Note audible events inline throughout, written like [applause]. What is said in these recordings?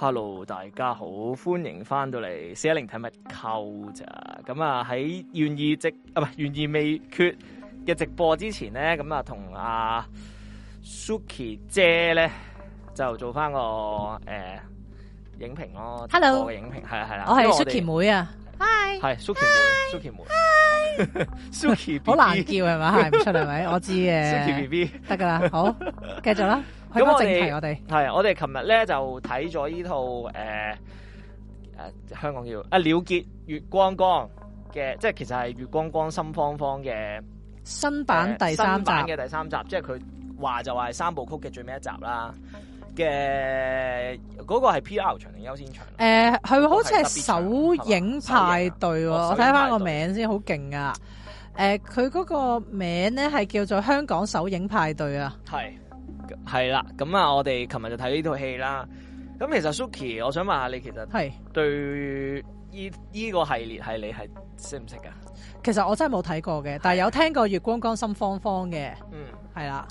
Hello，大家好，歡迎翻到嚟四一零睇物購咋咁啊！喺、嗯、願意直啊，唔、呃、係願意未決嘅直播之前咧，咁、嗯、啊，同阿 Suki 姐咧就做翻個誒、呃、影評咯。Hello，我嘅影評係係啦，我係 Suki 我妹啊。Hi，係 Suki，Suki 妹妹。Hi，Suki，好 Hi. [laughs] Suki baby  [laughs] 難叫係嘛？係，唔出嚟咪？我知嘅。Suki B B，得㗎啦，好，繼續啦。 [laughs] 咁我哋、那個，我哋係，我哋琴日咧就睇咗呢套誒誒香港叫啊了結月光光嘅，即係其實係月光光心慌慌嘅新版第三集嘅第三集，即係佢話就話三部曲嘅最尾一集啦。嘅、嗯、嗰、那個係 PR 場定優先場誒，佢、呃、好似係首，首、啊哦、首映派對，我睇翻個名先，好勁啊！誒、呃，佢嗰個名咧係叫做香港首映派對啊，係。係啦，咁啊，我哋琴日就睇呢套戲啦。咁其實 Suki，我想問下你，你其實係對依依個系列係你係識唔識噶？其實我真係冇睇過嘅，但係有聽過《月光光心慌慌》嘅，嗯，係啦。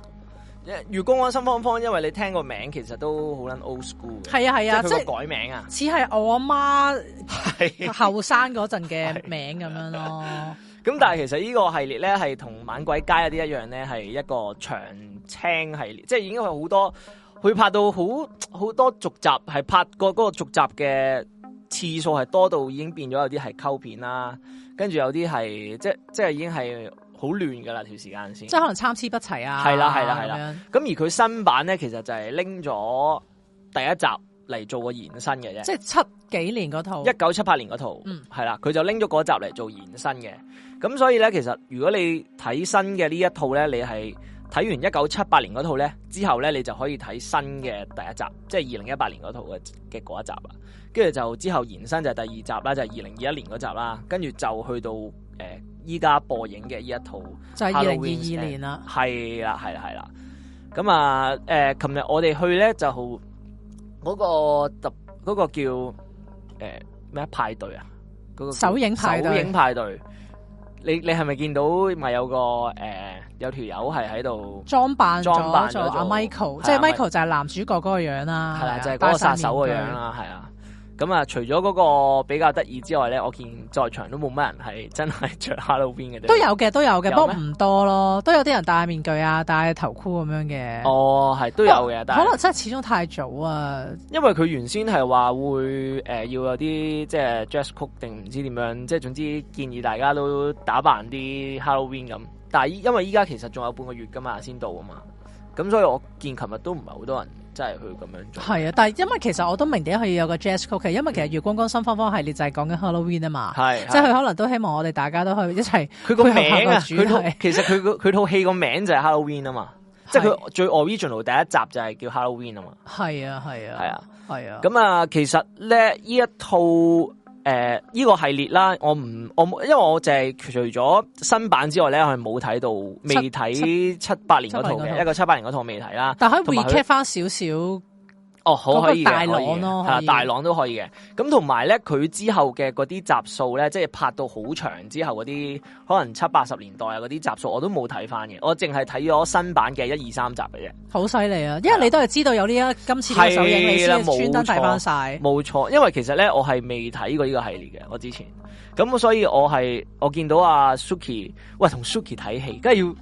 《月光光心慌慌》因為你聽個名，其實都好捻 old school 嘅，係啊係啊，即係改名啊，似係我阿媽後生嗰陣嘅名咁樣咯。 [laughs] 咁但係其實呢個系列咧係同《猛鬼街》有啲一樣咧，係一個長青系列，即係已經有好多，佢拍到好好多續集，係拍過嗰個續集嘅次數係多到已經變咗有啲係溝片啦，跟住有啲係即係即係已經係好亂噶啦條時間先，即係可能參差不齊啊。係啦係啦係啦。咁而佢新版咧，其實就係拎咗第一集嚟做個延伸嘅啫，即係七幾年嗰套一九七八年嗰套，嗯係啦，佢就拎咗嗰集嚟做延伸嘅。咁所以咧，其實如果你睇新嘅呢一套咧，你係睇完一九七八年嗰套咧之後咧，你就可以睇新嘅第一集，即係二零一八年嗰套嘅嘅嗰一集啦。跟住就之後就延伸就第二集啦，就係二零二一年嗰集啦。跟住就去到誒依家播映嘅呢一套，就二零二二年啦。係啦，係啦，係啦。咁啊，誒、呃，琴日我哋去咧就嗰、那個特嗰、那個叫誒咩、那個呃、派對啊，嗰、那個首映派對。你你係咪見到咪有個誒、呃、有條友係喺度裝扮裝扮咗阿 Michael，即係 Michael 就係、係、男主角嗰個樣啦、係啊，就係、係、嗰個殺手個樣啦，係啊！咁、嗯、啊，除咗嗰個比較得意之外咧，我見在場都冇乜人係真係着 Halloween 嘅。都有嘅，都有嘅，不過唔多咯，都有啲人戴面具啊，戴頭箍咁樣嘅。哦，係都有嘅，哦，但係可能真係始終太早啊。因為佢原先係話會誒、呃、要有啲即係 dress code 定唔知點樣，即係總之建議大家都打扮啲 Halloween 咁。但係因為依家其實仲有半個月噶嘛，先到啊嘛。咁所以我見琴日都唔係好多人。真係佢咁樣做係啊，但係因為其實我都明點解佢有個 jazz 曲嘅，因為其實《月光光心慌慌》系列就係講緊 Halloween 啊嘛，是是即係佢可能都希望我哋大家都一去一齊。佢個名啊，佢套其實佢佢套戲個名就係 Halloween 啊嘛，即係佢最 original 第一集就係叫 Halloween 啊嘛，係啊係啊係啊係啊，咁啊，啊，啊，啊，啊，啊其實咧呢一套。誒、呃、依、這個系列啦，我唔我冇，因為我淨係除咗新版之外咧，我係冇睇到未睇七,七,七八年嗰套嘅一個七八年嗰套未睇啦。但係可以 recap 翻少少。哦，好可以嘅，可以嘅、那個，大朗都可以嘅。咁同埋咧，佢之後嘅嗰啲集數咧，即係拍到好長之後嗰啲，可能七八十年代啊嗰啲集數，我都冇睇翻嘅。我淨係睇咗新版嘅一二三集嘅啫。好犀利啊！因為你都係知道有呢、這、一、個、今次嘅首映，你專登睇翻晒。冇錯，因為其實咧，我係未睇過呢個系列嘅，我之前。咁所以我係我見到阿 Suki，喂，同 Suki 睇戲，梗係要。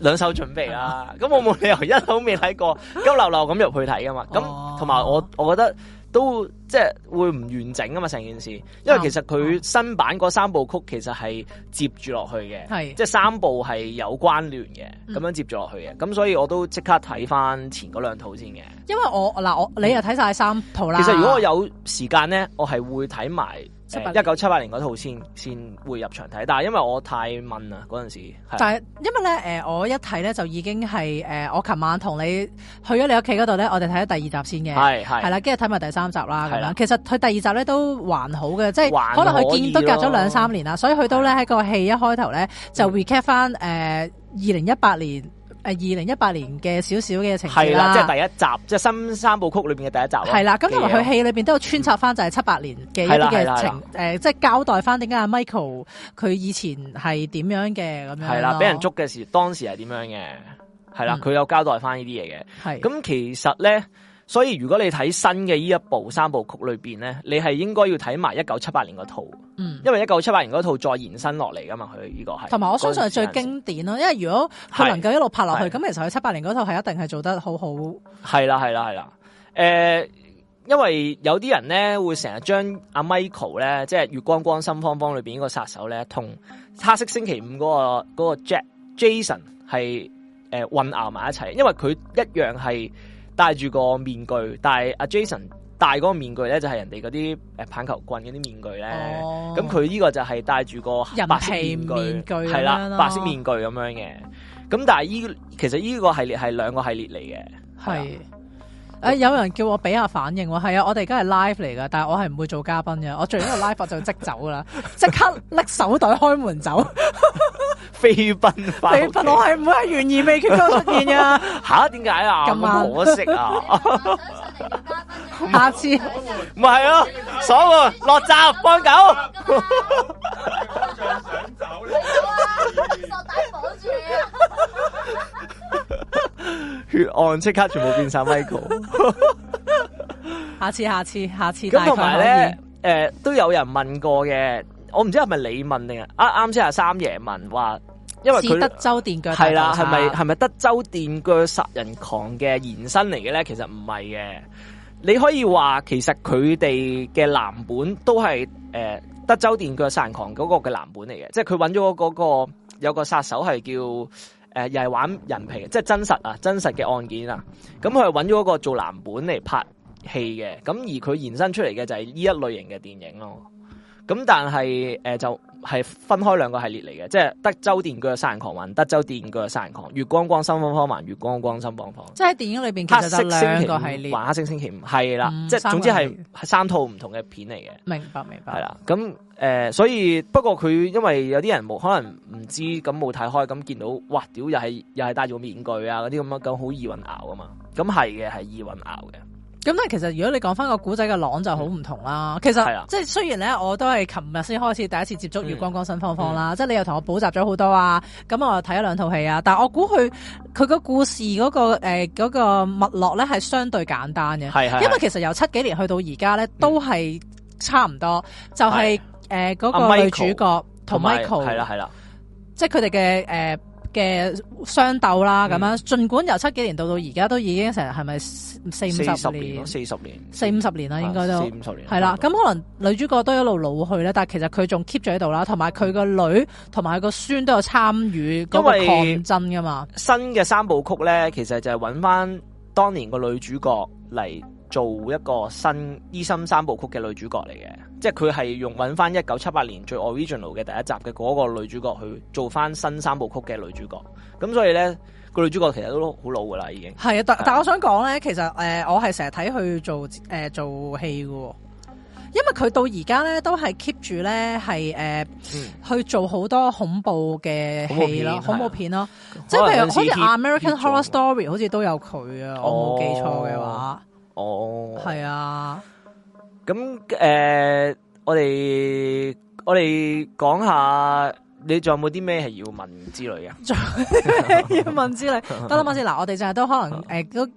兩手準備啊！咁 [laughs] 我冇理由一路未睇過，急流流咁入去睇噶嘛？咁同埋我，我覺得都即係會唔完整啊嘛！成件事，因為其實佢新版嗰三部曲其實係接住落去嘅，係、嗯、即係三部係有關聯嘅，咁樣接住落去嘅。咁、嗯、所以我都即刻睇翻前嗰兩套先嘅。因為我嗱我你又睇晒三套啦。其實如果我有時間咧，我係會睇埋。一九七八年嗰、呃、套先先會入場睇，但係因為我太悶啦嗰陣時，但係因為咧，誒我一睇咧就已經係誒、呃、我琴晚同你去咗你屋企嗰度咧，我哋睇咗第二集先嘅，係係，係啦，跟住睇埋第三集啦，咁樣，其實佢第二集咧都還好嘅，即係可，可能佢見都隔咗兩三年啦，所以佢都咧喺個戲一開頭咧就 recap 翻誒二零一八年。誒，二零一八年嘅少少嘅情節啦，即係第一集，即係新三部曲裏邊嘅第一集。係啦，咁因為佢戲裏邊都有穿插翻就係七八年嘅一啲嘅情，誒、呃，即係交代翻點解阿 Michael 佢以前係點樣嘅咁樣咯。係啦，俾人捉嘅時候，當時係點樣嘅？係啦，佢、嗯、有交代翻呢啲嘢嘅。係，咁其實咧。所以如果你睇新嘅呢一部三部曲裏邊咧，你係應該要睇埋一九七八年嗰套，嗯，因為1978一九七八年嗰套再延伸落嚟噶嘛，佢呢個係。同埋我相信係最經典咯，因為如果佢能夠一路拍落去，咁其實佢七八年嗰套係一,一定係做得好好。係啦，係啦，係啦，誒、呃，因為有啲人咧會成日將阿 Michael 咧，即係月光光心慌慌裏邊呢個殺手咧，同黑色星期五嗰、嗰個、嗰個 Jack Jason 係誒、呃、混淆埋一齊，因為佢一樣係。戴住個面具，但係阿 Jason 戴嗰個面具咧，就係人哋嗰啲誒棒球棍，嗰啲面具咧。咁佢呢個就係戴住個白色面具，係啦，白色面具咁樣嘅。咁、哦、但係依其實呢個系列係兩個系列嚟嘅。係誒、哎，有人叫我俾下反應，係啊，我哋而家係 live 嚟噶，但係我係唔會做嘉賓嘅，我做完個 live [laughs] 就即走啦，即刻拎手袋開門走。 [laughs] 飛奔，飛奔我係唔會係懸而未決咁出現啊！吓，點解啊？咁可惜啊！嗯、下次唔係啊？鎖門落閘放狗、啊，想走咧？落底綁住血案即刻全部變晒 Michael。 [laughs] 下，次下次，下次，下次，跟住埋咧，誒，都有人問過嘅，我唔知係咪你問定啊？啱先係三爺問話。因為佢德州電鋸係啦，係咪係咪德州電鋸殺人狂嘅延伸嚟嘅咧？其實唔係嘅，你可以話其實佢哋嘅藍本都係誒、呃、德州電鋸殺人狂嗰個嘅藍本嚟嘅，那個，即係佢揾咗嗰個有個殺手係叫誒、呃、又係玩人皮的，即、就、係、是、真實啊，真實嘅案件啊，咁佢係揾咗個做藍本嚟拍戲嘅，咁而佢延伸出嚟嘅就係呢一類型嘅電影咯。咁但係誒、呃、就係分開兩個系列嚟嘅，即係德州電鋸殺人狂還德州電鋸殺人狂，月光光心慌慌還月光光心慌慌。即係電影裏邊其實得兩個系列，玩黑色星期五係啦、嗯，即係總之係三套唔同嘅片嚟嘅。明白明白。係啦，咁誒、呃，所以不過佢因為有啲人冇可能唔知咁冇睇開咁見到，哇！屌又係又係戴住面具啊嗰啲咁啊咁好易混淆啊嘛，咁係嘅係易混淆嘅。咁但係其實如果你講翻個古仔嘅朗就好唔同啦。嗯、其實、啊、即係雖然咧，我都係琴日先開始第一次接觸《月光光心慌慌》啦、嗯嗯。即係你又同我補習咗好多啊。咁我又睇咗兩套戲啊。但係我估佢佢個故事嗰、嗰個誒嗰，呃嗰個脈絡咧係相對簡單嘅。係係係，因為其實由七幾年去到而家咧，都係差唔多，嗯、就係誒嗰個女、啊、主角同 Michael 係啦係啦，即係佢哋嘅誒。呃嘅相鬥啦，咁樣儘管由七幾年到到而家都已經成日係咪四五十年，四十年，四十年，四五十年啦，應該都四五十年，係啦。咁可能女主角都一路老去呢，但係其實佢仲 keep 咗喺度啦，同埋佢個女同埋個孫都有參與，因為抗爭噶嘛。新嘅三部曲咧，其實就係揾翻當年個女主角嚟做一個新醫生三部曲嘅女主角嚟嘅。即係佢係用搵翻一九七八年最 original 嘅第一集嘅嗰個女主角去做翻新三部曲嘅女主角，咁所以咧個女主角其實都好老噶啦，已經係啊！但但我想講咧，其實誒我係成日睇佢做誒、呃、做戲嘅，因為佢到而家咧都係 keep 住咧係誒去做好多恐怖嘅戲咯，恐怖片咯，即係譬如好似 American Horror Story 好似都有佢啊、哦，我冇記錯嘅話，哦，係啊。咁誒、呃，我哋我哋講下，你仲有冇啲咩係要問之類嘅？要問之類，得啦，冇事。嗱，我哋就係都可能誒，都、呃、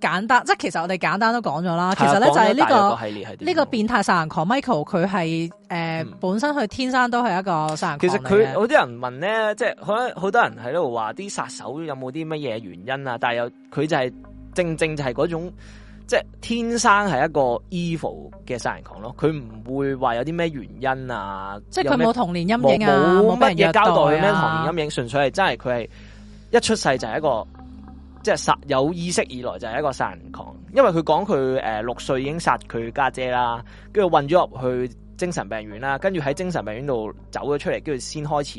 簡單，即係其實我哋簡單都講咗啦。 [laughs] 其實咧就係呢個系列，呢、這個變態殺人狂 Michael，佢係誒本身佢天生都係一個殺人狂。其實佢，好多人問咧，即係好，好多人喺度話啲殺手有冇啲乜嘢原因啊？但係又佢就係、是、正正就係嗰種。即係天生係一個 evil 嘅殺人狂咯，佢唔會話有啲咩原因啊，即係佢冇童年陰影啊，冇乜嘢交代佢咩童年陰影，純粹係真係佢係一出世就係一個即係殺有意識以來就係一個殺人狂，因為佢講佢誒六歲已經殺佢家姐啦，跟住混咗入去精神病院啦，跟住喺精神病院度走咗出嚟，跟住先開始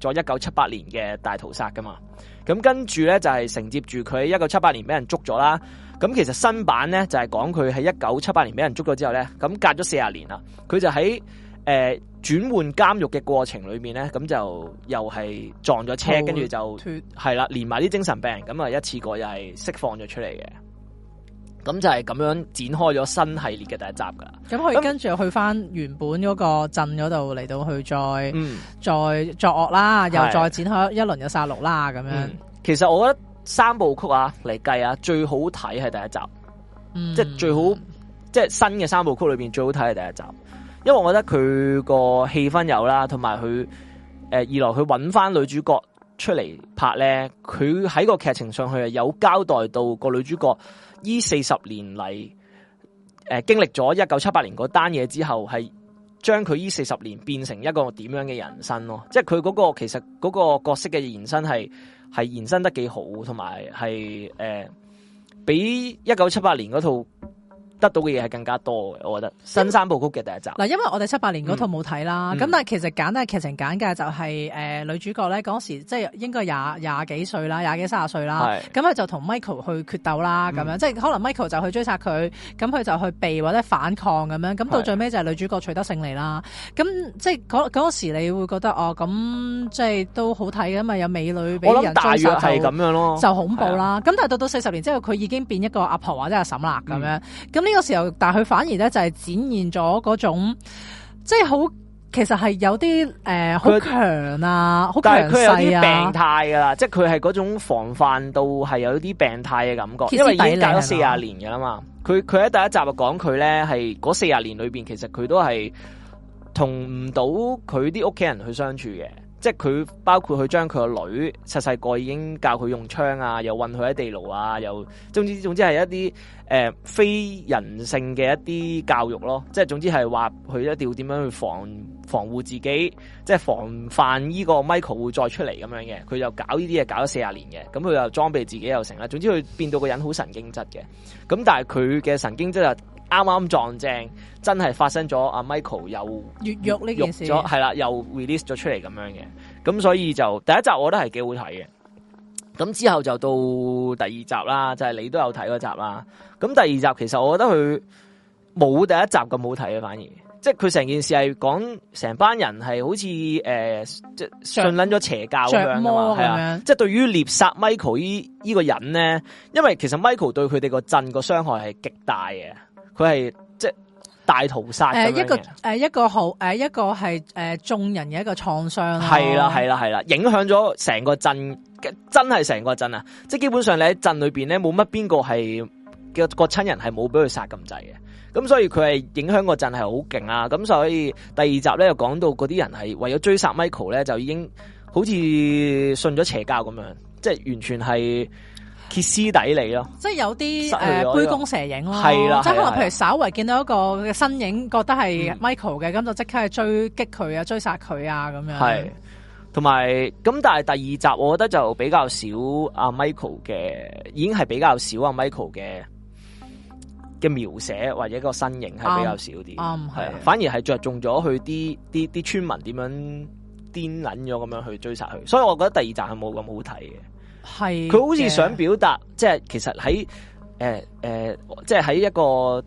咗一九七八年嘅大屠殺噶嘛，咁跟住咧就係承接住佢一九七八年俾人捉咗啦。咁其實新版咧就係講佢喺一九七八年俾人捉咗之後咧，咁隔咗四十年啦，佢就喺、呃、轉換監獄嘅過程裏面咧，咁就又係撞咗車，跟、哦、住就係啦，連埋啲精神病，咁啊一次過又係釋放咗出嚟嘅。咁就係咁樣展開咗新系列嘅第一集噶啦。咁佢跟住去翻原本嗰個鎮嗰度嚟到去再、嗯、再作惡啦，又再展開一輪嘅殺戮啦，咁樣、嗯。其實我覺得。三部曲啊，嚟計啊，最好睇係第一集，嗯、即係最好，即係新嘅三部曲裏邊最好睇係第一集，因為我覺得佢個氣氛有啦，同埋佢誒二來佢搵翻女主角出嚟拍咧，佢喺個劇情上去啊有交代到個女主角呢四十年嚟誒經歷咗一九七八年嗰單嘢之後係。將佢呢四十年變成一個點樣嘅人生咯，即係佢嗰個其實嗰個角色嘅延伸係係延伸得幾好，同埋係誒，比一九七八年嗰套。得到嘅嘢係更加多嘅，我覺得。新三部曲嘅第一集。嗱、嗯嗯嗯，因為我哋七八年嗰套冇睇啦，咁但係其實簡單嘅劇情簡介就係、是、誒、呃、女主角咧嗰時即係應該廿廿幾歲啦，廿幾三十歲啦，咁佢就同 Michael 去決鬥啦，咁、嗯、樣即係可能 Michael 就去追殺佢，咁佢就去避或者反抗咁樣，咁到最尾就係女主角取得勝利啦。咁即係嗰嗰時你會覺得哦，咁即係都好睇㗎嘛，有美女俾人追殺就樣咯就恐怖啦。咁、啊、但係到到四十年之後，佢已經變一個阿婆或者阿嬸啦咁樣，咁、嗯。呢個時候，但係佢反而咧就係展現咗嗰種，即係好，其實係有啲誒，好、呃、強啊，好強勢啊，但係佢有啲病態噶啦，即係佢係嗰種防範到係有啲病態嘅感覺，第因為佢已經隔咗四十年噶啦嘛。佢佢喺第一集就講佢咧係嗰四十年裏邊，其實佢都係同唔到佢啲屋企人去相處嘅。即係佢包括佢將佢個女細細個已經教佢用槍啊，又韞佢喺地牢啊，又總之總之係一啲誒、呃、非人性嘅一啲教育咯。即係總之係話佢一定要點樣去防防護自己，即係防範呢個 Michael 會再出嚟咁樣嘅。佢就搞呢啲嘢搞咗四十年嘅，咁佢又裝備自己又成啦。總之佢變到個人好神經質嘅。咁但係佢嘅神經質啊～啱啱撞正，真係發生咗阿 Michael 又越獄呢件事，係啦，又 release 咗出嚟，咁樣嘅。咁所以就第一集，我覺得係幾好睇嘅。咁之後就到第二集啦，就係、是、你都有睇嗰集啦。咁第二集其實我覺得佢冇第一集咁好睇啊，反而即係佢成件事係講成班人係好似誒，信捻咗邪教咁啊，係啊，即係對於獵殺 Michael 依依個人咧，因為其實 Michael 對佢哋個鎮個傷害係極大嘅。佢係即係大屠殺、呃，誒一個誒、呃、一個好誒一個係誒眾人嘅一個創傷啦，係啦係啦係啦，影響咗成個鎮，真係成個鎮啊！即係基本上你喺鎮裏邊咧，冇乜邊個係嘅個親人係冇俾佢殺咁滯嘅，咁所以佢係影響個鎮係好勁啊！咁所以第二集咧又講到嗰啲人係為咗追殺 Michael 咧，就已經好似信咗邪教咁樣，即係完全係。歇斯底里咯，即係有啲誒、這個呃、杯弓蛇影咯，即係可能譬如稍為見到一個身影，覺得係 Michael 嘅，咁、嗯、就即刻去追擊佢啊，追殺佢啊咁樣。係，同埋咁，但係第二集我覺得就比較少阿、啊、Michael 嘅，已經係比較少阿、啊、Michael 嘅嘅描寫或者個身形係比較少啲，啱、嗯、係，反而係着重咗佢啲啲啲村民點樣癲撚咗咁樣去追殺佢，所以我覺得第二集係冇咁好睇嘅。佢好似想表達，即係其實喺誒誒，即係喺一個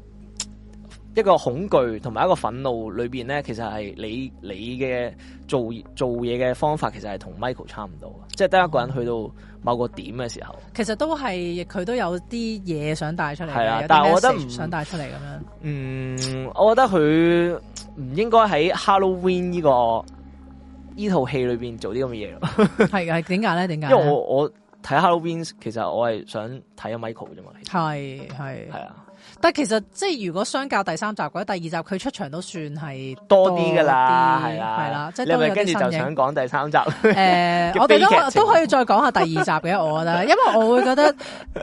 一個恐懼同埋一個憤怒裏邊咧，其實係你你嘅做做嘢嘅方法，其實係同 Michael 差唔多，即係得一個人去到某個點嘅時候，哦，其實都係，佢都有啲嘢想帶出嚟啦。但係我覺得唔想帶出嚟咁樣。嗯，我覺得佢唔應該喺 Halloween 呢個呢套戲裏邊做啲咁嘅嘢咯。係啊，係點解咧？點解？因為我我。睇 Halloween 其實我係想睇下 Michael 啫嘛，係係係啊！但其實即係如果相較第三集或者第二集，佢出場都算係多啲噶啦，係啦係啦！你係咪跟住就想講第三集？誒、呃，我哋都都可以再講下第二集嘅我覺得， [laughs] 因為我會覺得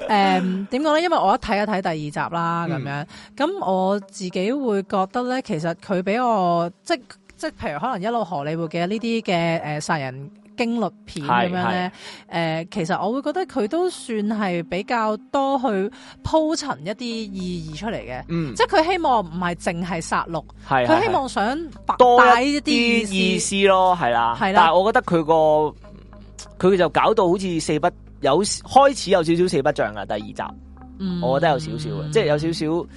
誒點講咧？因為我一睇一睇第二集啦，咁樣咁、嗯、我自己會覺得咧，其實佢俾我即即譬如可能一路荷里活嘅呢啲嘅誒殺人驚慄片咁樣咧，誒、呃，其實我會覺得佢都算係比較多去鋪陳一啲意義出嚟嘅，嗯，即係佢希望唔係淨係殺戮，係佢希望想係係係擺一啲多一啲意,意思咯，係啦，係啦。但係我覺得佢個佢就搞到好似四不有開始有少少四不像噶，第二集，嗯，我覺得有少少嘅，嗯、即係有少少。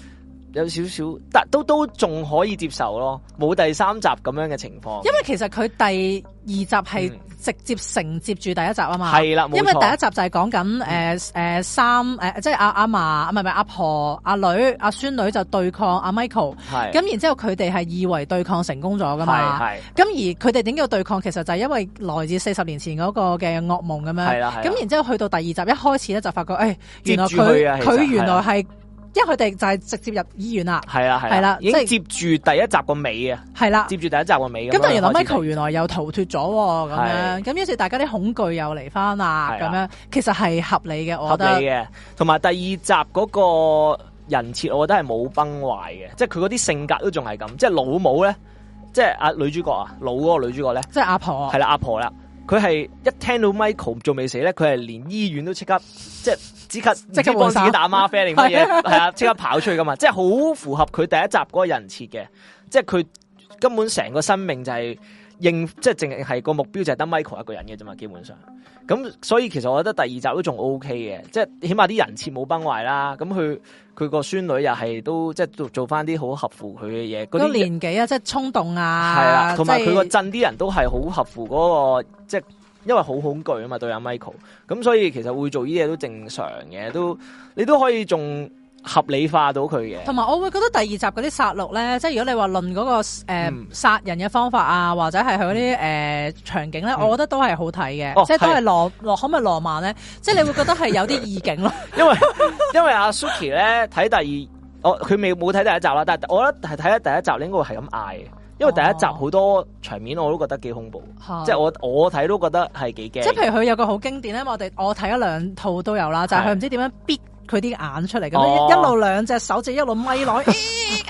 有少少，但都都仲可以接受咯，冇第三集咁樣嘅情況。因為其實佢第二集係直接承接住第一集啊嘛。係啦，冇錯。因為第一集就係講緊誒誒三誒，即係阿阿嫲，唔係唔係阿婆，阿女阿孫女就對抗阿 Michael。係。咁然之後佢哋係以為對抗成功咗噶嘛。係。咁而佢哋點叫對抗？其實就係因為來自四十年前嗰個嘅噩夢咁樣。係啦。咁然之後去到第二集一開始咧就發覺，誒、哎，原來佢佢原來係。因為佢哋就係直接入醫院啦，係啦係啦，已經接住第一集個尾啊，係啦，接住第一集個尾咁。咁突然，Michael 原來又逃脫咗咁樣，咁於是大家啲恐懼又嚟翻，啦，咁樣其實係合理嘅，啊，我覺得。合理嘅，同埋第二集嗰個人設，我覺得係冇崩壞嘅，嗯，即係佢嗰啲性格都仲係咁，即係老母咧，即係阿女主角啊，老嗰個女主角咧，即係阿婆啊，係啦阿婆啦。佢係一聽到 Michael 仲未死咧，佢係連醫院都即刻，即係即刻即刻幫自己打嗎啡定乜嘢，係啊，即刻跑出去㗎嘛， [laughs] 即係好符合佢第一集嗰個人設嘅，即係佢根本成個生命就係、是。應即係淨係個目標就係得 Michael 一個人嘅啫嘛，基本上。咁所以其實我覺得第二集都仲 OK 嘅，即係起碼啲人設冇崩壞啦。咁佢佢個孫女又係都即係做做翻啲好合乎佢嘅嘢嗰啲年紀啊，即係衝動啊，係啦、啊，同埋佢個鎮啲人都係好合乎嗰、嗰個即係，因為好恐懼啊嘛，對阿 Michael 咁，所以其實會做呢啲嘢都正常嘅，都你都可以仲。合理化到佢嘅，同埋我會覺得第二集嗰啲殺戮咧，即係如果你話論嗰個誒殺、呃嗯、人嘅方法啊，或者係佢嗰啲誒場景咧，我覺得都係好睇嘅、哦，即係都係羅羅可唔可以浪漫咧， [laughs] 即係你會覺得係有啲意境咯。因為因為阿 Suki 咧睇第二，我佢未冇睇第一集啦，但係我咧係睇咗第一集咧，應該係咁嗌嘅，因為第一集好多場面我，覺、哦、我，我都覺得幾恐怖，即係我我睇都覺得係幾驚。即係譬如佢有個好經典咧，我哋我睇咗兩套都有啦，就係佢唔知點樣逼。佢啲眼出嚟咁、oh. 一路兩隻手指一路咪落，咁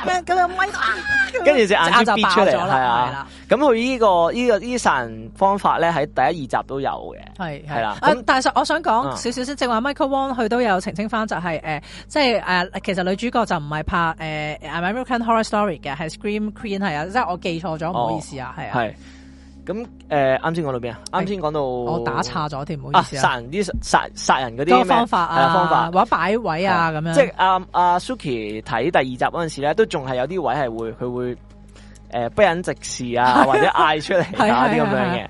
咁樣咪下去，跟住隻眼就擘出嚟咗啦。係啦、啊，咁佢依個依個 Eason 方法咧喺第一二集都有嘅。係係啦，咁、啊啊啊啊啊、但係我想講少少先，正、嗯、話 Michael Wong 佢都有澄清翻、就是，就係誒，即係誒，其實女主角就唔係拍誒、呃、American Horror Story 嘅，係 Scream Queen 係啊，即、就、係、是、我記錯咗，唔、哦、好意思啊，係啊。咁誒，啱先講到邊啊？啱先講到、哎、我打岔咗添，唔好意思啊！啊殺人啲殺、殺人嗰啲、咩、方法啊？方法或者擺位啊？咁樣即係阿阿 Suki 睇第二集嗰陣時咧，都仲係有啲位係會佢會誒、呃、不忍直視啊， [laughs] 或者嗌出嚟啊啲咁 [laughs] 樣嘅。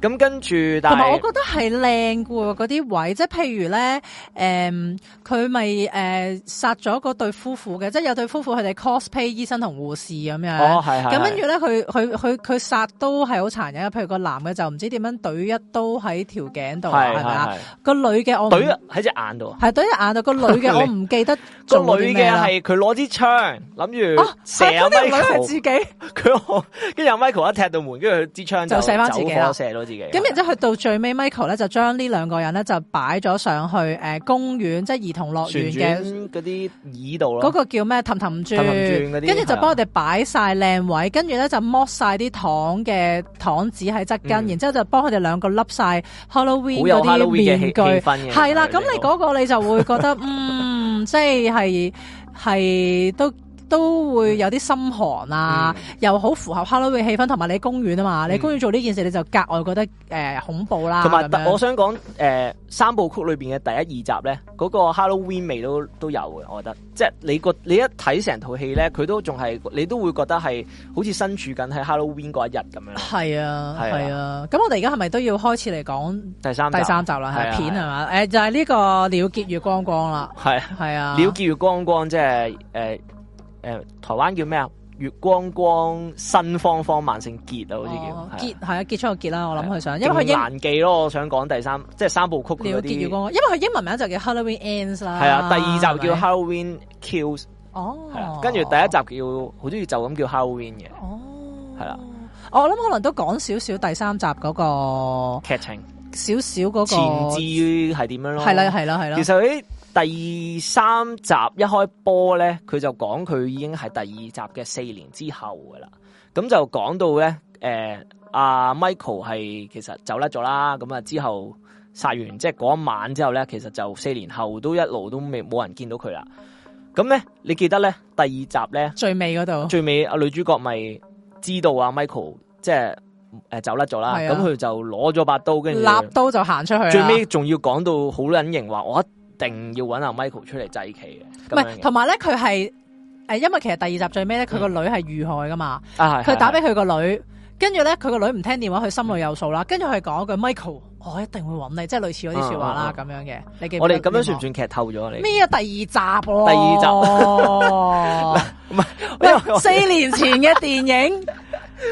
咁跟住，但係，同埋我覺得係靚嘅喎，嗰啲位，即係譬如咧，誒佢咪誒殺咗個對夫婦嘅，即係有對夫婦佢哋 cosplay 醫生同護士咁樣，哦係係，咁跟住咧，佢佢佢佢殺刀係好殘忍，譬如個男嘅就唔知點樣懟一刀喺條頸度，係係，個女嘅我懟喺隻眼度，係懟隻眼度。個女嘅我唔記得個 [laughs] 女嘅係佢攞支槍諗住射阿 Michael 係自己佢跟住阿 Michael 一踢到門，跟住支槍就射翻自己。咁然之後去到最尾，Michael 咧就將呢兩個人咧就擺咗上去公園，即係兒童樂園嘅嗰啲椅度咯。嗰、嗰個叫咩？氹氹轉，跟住就幫佢哋擺晒靚位，跟住咧就剝晒啲糖嘅糖紙喺側根，然之後就幫佢哋兩個笠晒 Halloween 嗰啲面具。氛嘅係啦，咁你嗰個你就會覺得， [laughs] 嗯，即係係都。都會有啲心寒啊，嗯、又好符合 Halloween 氣氛，同埋你公園啊嘛、嗯，你公園做呢件事你就格外覺得誒、呃、恐怖啦。同埋，我想講誒、呃、三部曲裏面嘅第一二集咧，嗰、那個 Halloween 味都都有嘅，我覺得。即係你個你一睇成套戲咧，佢都仲係你都會覺得係好似身處緊喺 Halloween 嗰一日咁樣。係啊，係啊。咁、啊啊、我哋而家係咪都要開始嚟講第三第三集啦？係、啊啊、片係嘛、呃？就係、是、呢個了結月光光啦。係係啊，啊，了結月光光即、就、係、是呃誒，台灣叫咩啊？月光光，新芳芳、萬聖傑啊，好似叫傑，係啊，傑、啊、出個傑啦。啊、我諗佢想，因為佢英難記咯。我想講第三，即係三部曲嗰月光光，因為佢英文名就叫 Halloween Ends 啦。係啊，第二集叫 Halloween 是是 Kills、啊。哦。係跟住第一集叫，好中意就咁叫 Halloween 嘅。哦。係啦、啊，我諗可能都講少少第三集嗰、那個劇情，少少嗰、那個前置係點樣咯？係啦、啊，係啦、啊，係啦、啊啊。其實佢。第三集一開波咧，佢就講佢已經係第二集嘅四年之後噶啦，咁就講到咧，誒、欸、阿、啊、Michael 係其實走甩咗啦，咁啊之後殺完即係嗰一晚之後咧，其實就四年後都一路都未冇人見到佢啦。咁咧，你記得咧第二集咧最尾嗰度，最尾阿女主角咪知道阿、啊、Michael 即係誒走甩咗啦，咁佢、啊、就攞咗把刀跟住，立刀就行出去、啊最，最尾仲要講到好撚型話我。一定要揾阿 Michael 出嚟祭旗嘅，係同埋咧，佢係誒，因為其實第二集最尾咧，佢個女係遇害噶嘛，佢、嗯啊、打俾佢個女，跟住咧佢個女唔聽電話，佢心裏有數啦，跟住佢講一句 Michael，我一定會揾你，即係類似嗰啲說話啦，咁樣嘅。你記唔記得？我哋咁樣算唔算劇透咗？你咩啊？第二集咯，第二集，唔係，四 [laughs] 年前嘅電影。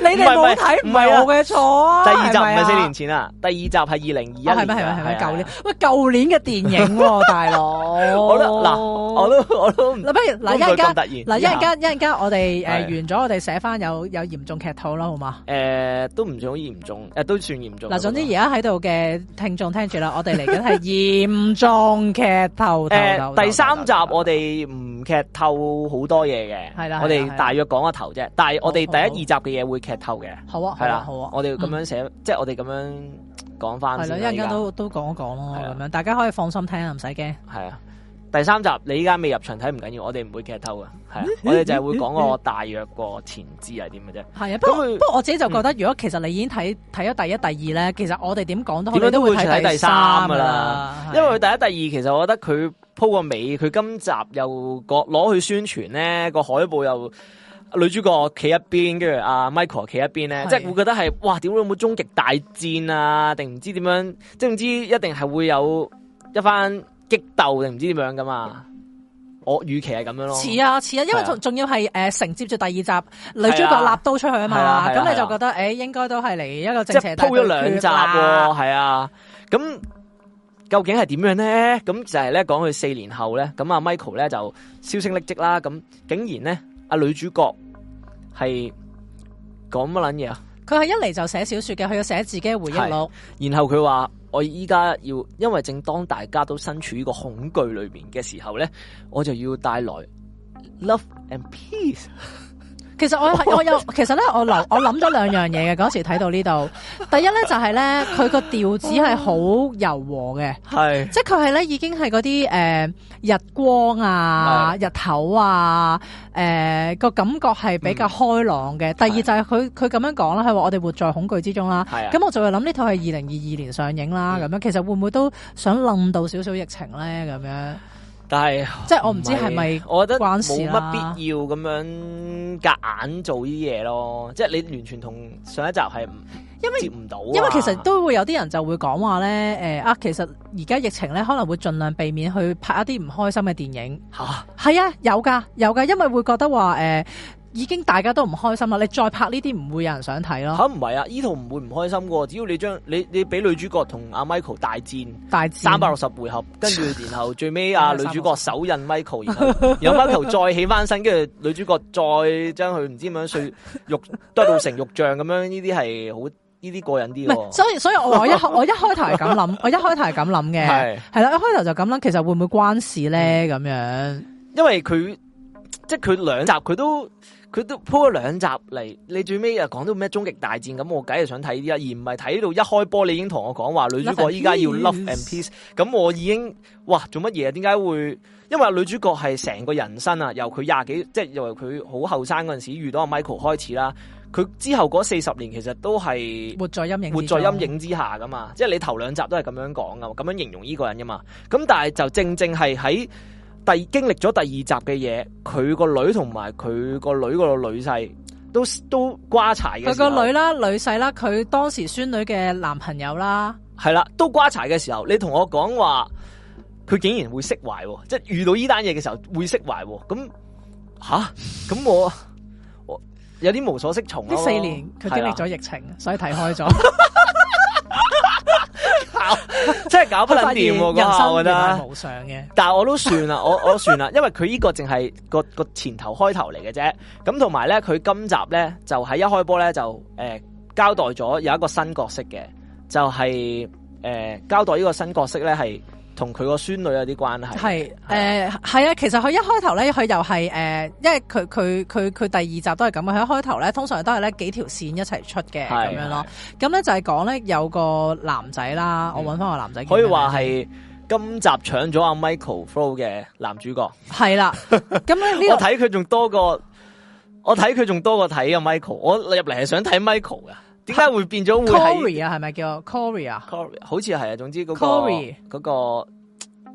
你哋冇睇唔係我嘅錯啊，啊，啊！第二集唔係四年前啊，第二集係二零二一係咩，係咩，係舊年喂、啊，舊、啊、年嘅 [laughs] 電影、啊， [laughs] 大佬、呃，好啦嗱，我都我都嗱，不如嗱一陣間突然嗱一陣間一陣間我哋誒完咗我哋寫翻有有嚴重劇透啦，好嘛？誒，都唔算好嚴重，誒、呃、都算嚴重。嗱，總之而家喺度嘅聽眾聽住啦， [laughs] 我哋嚟緊係嚴重劇透、呃頭頭頭頭頭。第三集我哋唔劇透好多嘢嘅，係啦，我哋大約講個頭啫。但係我哋第一二集嘅嘢會劇透嘅，好啊，係啦、啊啊，好啊，我哋咁樣寫、嗯，即係我哋咁樣講翻，係啦，說一陣間都都講一講咯，咁樣、啊，大家可以放心聽，唔使驚。係啊，第三集你依家未入場睇唔緊要，我哋唔會劇透噶，係啊， [laughs] 我哋就係會講個大約個前置係點嘅啫。係 [laughs] 啊，不過不過我自己就覺得，嗯、如果其實你已經睇睇咗第一、第二咧，其實我哋點講都點都會睇第三噶啦、啊。因為第一、第二其實我覺得佢鋪個尾，佢今集又攞去宣傳咧，個海報又。女主角企一邊，跟住阿 Michael 企一邊咧，是即係會覺得係哇，點會有冇終極大戰啊？定唔知點樣？即係唔知一定係會有一番激鬥，定唔知點樣噶嘛？我預期係咁樣咯、啊。似啊似啊，因為仲仲要係誒承接住第二集女主角立刀出去啊嘛，咁你就覺得誒、哎，應該都係嚟一個正邪大對決喎。係啊，咁究竟係點樣咧？咁就係咧講佢四年後咧，咁阿 Michael 咧就銷聲匿迹啦，咁竟然咧阿女主角。係講乜捻嘢啊？佢係一嚟就寫小說嘅，佢要寫自己嘅回憶錄。然後佢話：我依家要，因為正當大家都身處呢個恐懼裏面嘅時候咧，我就要帶來 love and peace。其實我我有其實咧，我留我諗咗兩樣嘢嘅嗰時睇到呢度。第一咧就係咧，佢個調子係好柔和嘅，係、oh. oh. 即係佢係咧已經係嗰啲誒日光啊、oh. 日頭啊，誒、呃、個感覺係比較開朗嘅。Mm. 第二就係佢佢咁樣講啦，係、就、話、是、我哋活在恐懼之中啦。咁、yeah. 我就會諗呢套係二零二二年上映啦，咁、mm. 樣其實會唔會都想冧到少少疫情咧？咁樣。但係，即係我唔知係咪，我覺得關事乜必要咁樣夾硬做呢啲嘢咯。即係你完全同上一集係唔，因為接唔到。因為其實都會有啲人就會講話咧，誒、呃、啊，其實而家疫情咧，可能會盡量避免去拍一啲唔開心嘅電影。吓，係啊，有噶有噶，因為會覺得話誒。呃已經大家都唔開心啦，你再拍呢啲唔會有人想睇咯。吓，唔係啊？呢套唔會唔開心噶，只要你將你你俾女主角同阿 Michael 大戰，大戰三百六十回合，跟住然後最尾阿女主角手刃 Michael，然後，然後 Michael 再起翻身，跟住女主角再將佢唔知點樣碎肉剁成肉醬咁樣，呢啲係好，呢啲過癮啲。唔係，所以所以我我一開我一開頭係咁諗，我一開頭係咁諗嘅，係係啦，一開頭就咁諗，其實會唔會關事咧？咁樣，嗯，因為佢即係佢兩集佢都。佢都鋪咗兩集嚟，你最尾啊講到咩終極大戰咁，我梗係想睇啲呀。而唔係睇到一開波你已經同我講話女主角依家要 love and peace，咁我已經嘩做乜嘢？點解會？因為女主角係成個人生啊，由佢廿幾即係由佢好後生嗰陣時遇到阿 Michael 開始啦，佢之後嗰四十年其實都係活在陰影，活在陰影之下噶嘛。即係你頭兩集都係咁樣講噶，咁樣形容呢個人噶嘛。咁但係就正正係喺。第經歷咗第二集嘅嘢，佢個女同埋佢個女個女婿都都瓜柴嘅。佢個女啦，女婿啦，佢當時孫女嘅男朋友啦，係啦，都瓜柴嘅時，時，時候，你同我講話，佢竟然會釋懷，即係遇到呢單嘢嘅時候會釋懷。咁吓，咁、啊、我我有啲無所適從。呢四年佢經歷咗疫情，所以睇開咗。 [laughs] 搞不能掂我咁啊，冇覺嘅。但係我都算啦，我我都算啦， [laughs] 因為佢呢個淨係個個前頭開頭嚟嘅啫。咁同埋咧，佢今集咧就喺一開波咧就誒交代咗有一個新角色嘅，就係誒交代呢個新角色咧係。同佢個孫女有啲關係。係，誒、呃，係啊，其實佢一開頭咧，佢又係，誒，因為佢佢佢佢第二集都係咁嘅，佢一開頭咧，通常都係咧幾條線一齊出嘅咁樣咯。咁咧就係講咧有個男仔啦，嗯，我搵翻個男仔。可以話係今集搶咗阿 Michael Flow [laughs] 嘅男主角。係啦，咁咧呢個， [laughs] 我睇佢仲多過，我睇佢仲多過睇啊。Michael。我入嚟係想睇 Michael 嘅。點解會變咗會係？Corey、啊，係咪叫 Corey 啊？Corey 好似係啊，總之嗰個嗰個。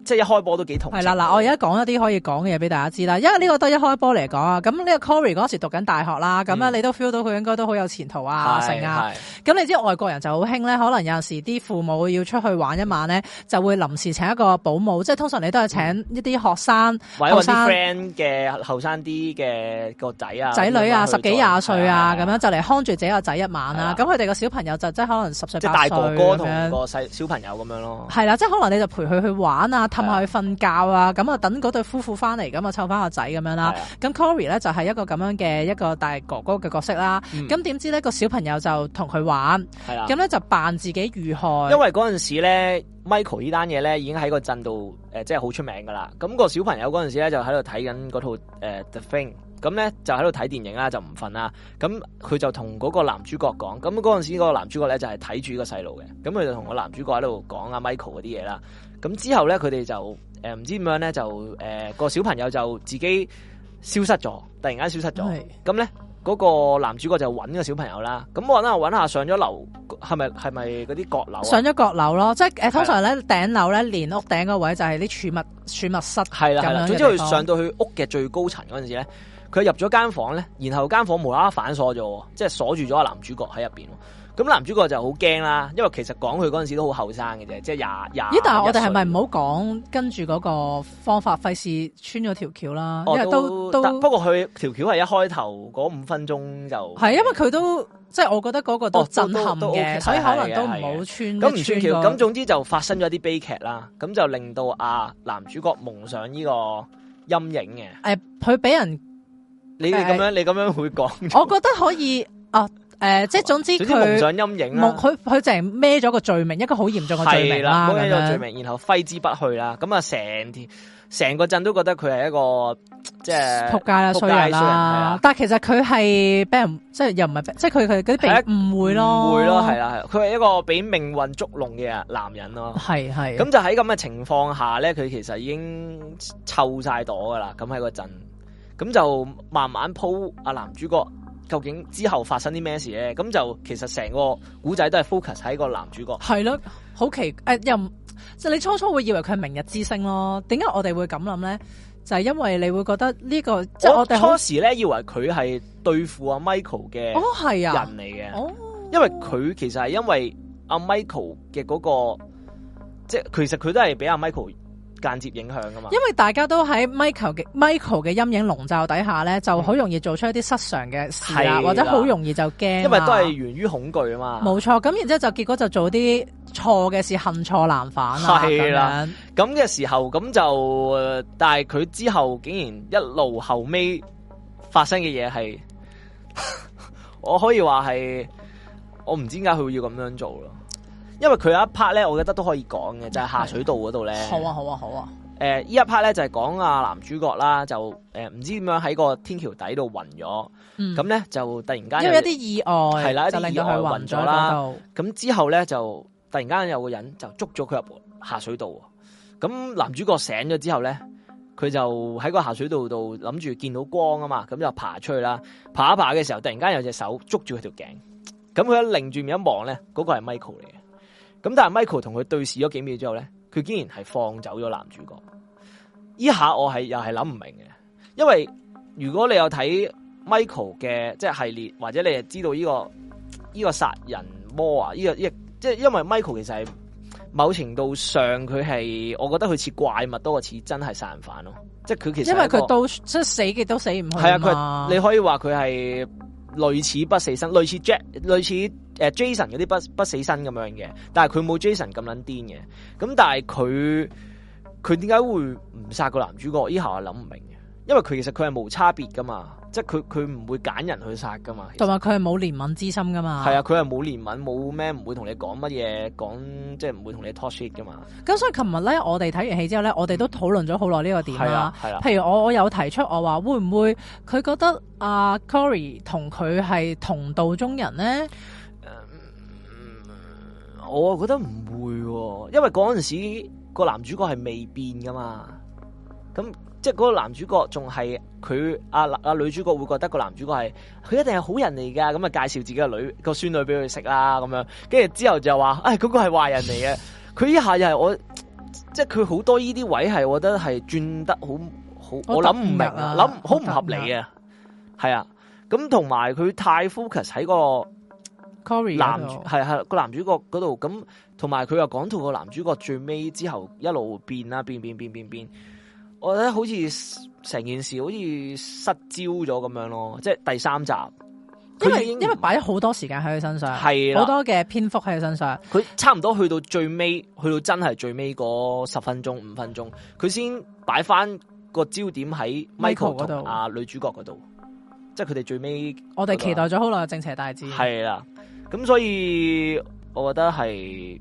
即係一開波都幾同。係啦，嗱，我而家講一啲可以講嘅嘢俾大家知啦。因為呢個都係一開波嚟講啊，咁呢個 Cory 嗰時讀緊大學啦，咁啊，你都 feel 到佢應該都好有前途啊，嗯、成啊。咁你知外國人就好興咧，可能有時啲父母要出去玩一晚咧，就會臨時請一個保姆，即係通常你都係請一啲學生、嗯、學生 friend 嘅後生啲嘅個仔啊、仔女啊，十幾廿歲啊，咁、啊、樣就嚟看住自己個仔一晚啦。咁佢哋個小朋友就即係可能十歲。大哥哥同個小朋友咁樣咯。係啦、啊，即係可能你就陪佢去玩啊。係咪去瞓覺啊？咁啊，等嗰對夫婦翻嚟，咁啊，湊翻個仔咁樣啦。咁 Cory 咧就係一個咁樣嘅一個大哥哥嘅角色啦。咁、嗯、點知咧個小朋友就同佢玩，咁咧就扮自己遇害。因為嗰陣時咧，Michael 呢單嘢咧已經喺個鎮度誒，即係好出名噶啦。咁、個小朋友嗰陣時咧就喺度睇緊嗰套誒、呃、The Thing，咁咧就喺度睇電影啦，就唔瞓啦。咁佢就同嗰個男主角講，咁嗰陣時嗰個男主角咧就係睇住個細路嘅，咁佢就同個男主角喺度講阿 Michael 嗰啲嘢啦。咁之後咧，佢哋就誒唔知點樣咧，就誒個小朋友就自己消失咗，突然間消失咗。咁咧，嗰個男主角就揾個小朋友啦。咁我下揾下上咗樓，係咪係咪嗰啲閣樓？上咗閣樓咯，即係通常咧頂樓咧連屋頂嗰位就係啲儲物儲物室。係啦係啦，總之佢上到去屋嘅最高層嗰陣時咧，佢入咗間房咧，然後間房無啦啦反鎖咗，即係鎖住咗個男主角喺入邊。咁男主角就好驚啦，因為其實講佢嗰陣時都好後生嘅啫，即係廿廿。咦？但係我哋係咪唔好講跟住嗰個方法，費事穿咗條橋啦？因為都都，都不過佢條橋係一開頭嗰五分鐘就係，因為佢都即係我覺得嗰個都震撼嘅、哦，所以可能都唔好穿。咁唔穿橋咁，總之就發生咗一啲悲劇啦。咁就令到啊男主角蒙上呢個陰影嘅。誒、哎，佢俾人你哋咁、哎、樣，你咁樣會講？我覺得可以啊。誒、呃，即係總之佢蒙上陰影，佢佢淨係孭咗個罪名，一個好嚴重嘅罪名啦，然後揮之不去啦。咁啊，成天成個鎮都覺得佢係一個即係仆街啦，衰人啦。但係其實佢係俾人即係又唔係，即係佢佢嗰啲被是誤會咯，誤會咯，係啦，係。佢係一個俾命運捉弄嘅男人咯，係係。咁就喺咁嘅情況下咧，佢其實已經臭晒朵噶啦。咁、那、喺個鎮，咁就慢慢鋪阿男主角。究竟之後發生啲咩事咧？咁就其實成個古仔都係 focus 喺個男主角。係咯，好、哎、奇又即係你初初會以為佢係明日之星咯？點解我哋會咁諗咧？就係、是、因為你會覺得呢、這個即係我哋。初時咧以為佢係對付阿、啊、Michael 嘅，哦係啊人嚟嘅，哦，啊 oh。因為佢其實係因為阿、啊、Michael 嘅嗰、那個，即係其實佢都係俾阿 Michael。間接影響㗎嘛，因為大家都喺 Michael 嘅 Michael 嘅陰影籠罩底下咧，就好容易做出一啲失常嘅事啊，或者好容易就驚，因為都係源於恐懼啊嘛。冇錯，咁然之後就結果就做啲錯嘅事，恨錯難返啊。係啦，咁嘅時候咁就，但係佢之後竟然一路後尾發生嘅嘢係， [laughs] 我可以話係，我唔知點解佢會要咁樣做咯。因為佢有一 part 咧，我覺得都可以講嘅，就係、是、下水道嗰度咧。好啊，好啊，好啊。誒，呢一 part 咧就係講阿男主角啦，就誒唔知點樣喺個天橋底度暈咗。嗯。咁咧就突然間因為一啲意外係啦，有一啲意外暈咗啦。咁之後咧就突然間有個人就捉咗佢入下水道。咁男主角醒咗之後咧，佢就喺個下水道度諗住見到光啊嘛，咁就爬出去啦。爬一爬嘅時候，突然間有隻手捉住佢條頸。咁佢一擰住面一望咧，嗰、那個係 Michael 嚟嘅。咁但係 Michael 同佢對視咗幾秒之後咧，佢竟然係放走咗男主角。呢下我係又係諗唔明嘅，因為如果你有睇 Michael 嘅即係系列，或者你係知道呢個呢個殺人魔啊，呢個呢即係因為 Michael 其實係某程度上佢係，我覺得佢似怪物多過似真係殺人犯咯。即係佢其實因為佢都即係死嘅都死唔係啊！佢你可以話佢係。類似不死身，類似 Jack，類似誒 Jason 嗰啲不不死身咁樣嘅，但係佢冇 Jason 咁撚癲嘅。咁但係佢佢點解會唔殺個男主角？呢下我諗唔明嘅，因為佢其實佢係無差別㗎嘛。即係佢佢唔會揀人去殺噶嘛，同埋佢係冇憐憫之心噶嘛。係啊，佢係冇憐憫，冇咩唔會同你講乜嘢，講即係唔會同你 touching 噶嘛。咁所以琴日咧，我哋睇完戲之後咧，嗯，我哋都討論咗好耐呢個點啦。係啊，係啊。譬如我我有提出我話會唔會佢覺得阿、啊、Cory 同佢係同道中人咧，嗯。我覺得唔會的，因為嗰陣時個男主角係未變噶嘛。咁。即係嗰個男主角仲係佢，阿阿女主角會覺得個男主角係佢一定係好人嚟㗎，咁啊介紹自己個女、嗰個孫女個孫女俾佢識啦，咁樣，跟住之後就話，哎嗰、嗰個係壞人嚟嘅。佢 [laughs] 一下又係我，即係佢好多呢啲位係，我覺得係轉得好好，我諗唔明，諗好唔合理啊。係啊，咁同埋佢太 focus 喺個男係係個男主，啊、男主角嗰度，咁同埋佢又講到個男主角最尾之後一路變啦，變變變變變。變變變。我覺得好似成件事好似失焦咗咁樣咯，即係第三集，因為因為擺咗好多時間喺佢身上，係好多嘅篇幅喺佢身上。佢差唔多去到最尾，去到真係最尾嗰十分鐘、五分鐘，佢先擺翻個焦點喺 Michael 嗰度啊，女主角嗰度，即係佢哋最尾。我哋期待咗好耐正邪大戰，係啦，咁所以我覺得係，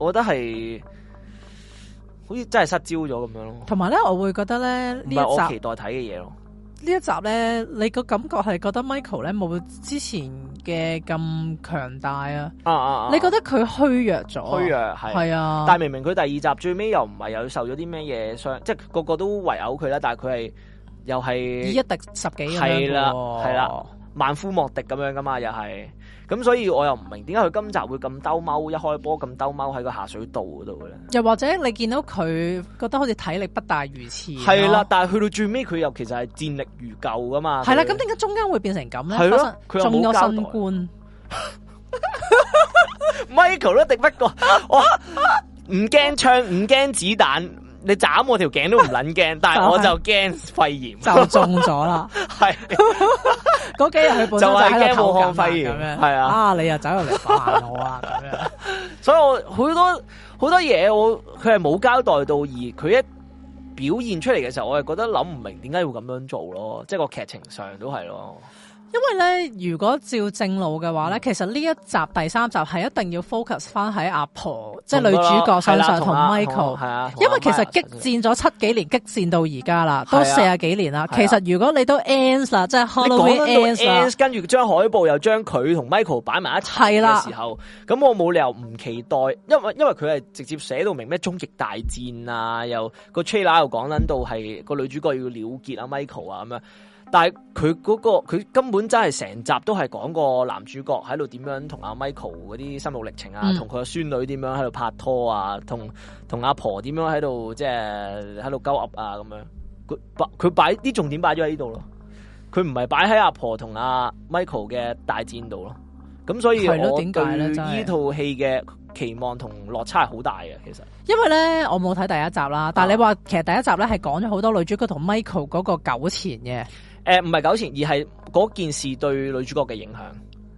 我覺得係。好似真係失焦咗咁樣咯，同埋咧我會覺得咧呢一集期待睇嘅嘢咯，呢一集咧你個感覺係覺得 Michael 咧冇之前嘅咁強大啊，啊啊，你覺得佢虛弱咗，虛弱係係啊，但係明明佢第二集最尾又唔係又受咗啲咩嘢傷，即係個個都圍毆佢啦，但係佢係又係以一敵十幾係啦係啦，萬夫莫敵咁樣噶嘛，又係。咁所以我又唔明點解佢今集會咁兜踎，一開波咁兜踎喺個下水道嗰度咧。又或者你見到佢覺得好似體力不大如前。係啦，但係去到最尾佢又其實係戰力如舊噶嘛。係啦，咁點解中間會變成咁咧？係囉，佢又冇交代 [laughs] [laughs] ，Michael 都 [laughs] 敵不過，我唔驚槍，唔驚子彈。你斬我條頸都唔撚驚，但係我就驚肺炎， [laughs] 就中咗啦。係 [laughs] 嗰是 [laughs] 幾日佢就係驚武漢肺炎，係啊，啊，啊你又走入嚟扮我啊咁樣， [laughs] 所以我好多好多嘢，我佢係冇交代到，而佢一表現出嚟嘅時候，我係覺得諗唔明點解會咁樣做咯，即係個劇情上都係咯。因為咧，如果照正路嘅話咧，其實呢一集第三集係一定要 focus 翻喺阿婆，即係女主角身上同 Michael 跟。因為其實激戰咗七幾年，激戰到而家啦，都四十幾年啦。其實如果你都 end 啦，即係 Halloween end 啦，跟住將海報又將佢同 Michael 擺埋一齊嘅時候，咁我冇理由唔期待，因為因為佢係直接寫到明咩終極大戰啊，又個 trailer 又講捻到係個女主角要了結啊 Michael 啊咁樣。但係佢嗰個佢根本真係成集都係講個男主角喺度點樣同阿 Michael 嗰啲心路歷程啊，同佢個孫女點樣喺度拍拖啊，同同阿婆點樣喺度即係喺度鳩噏啊咁樣，佢擺佢擺啲重點擺咗喺呢度咯，佢唔係擺喺阿婆同阿 Michael 嘅大戰度咯，咁所以我對呢套戲嘅期望同落差係好大嘅，其實因為咧我冇睇第一集啦，啊、但係你話其實第一集咧係講咗好多女主角同 Michael 嗰個糾纏嘅。誒、呃，唔係九前，而係嗰件事對女主角嘅影響，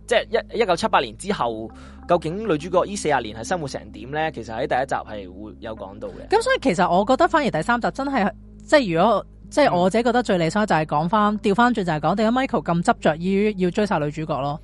即係一一九七八年之後，究竟女主角呢四十年係生活成點呢？其實喺第一集係會有講到嘅。咁所以其實我覺得反而第三集真係，即係如果即係我自己覺得最理想就係講翻，調翻轉就係講點解 Michael 咁執着於要追殺女主角咯。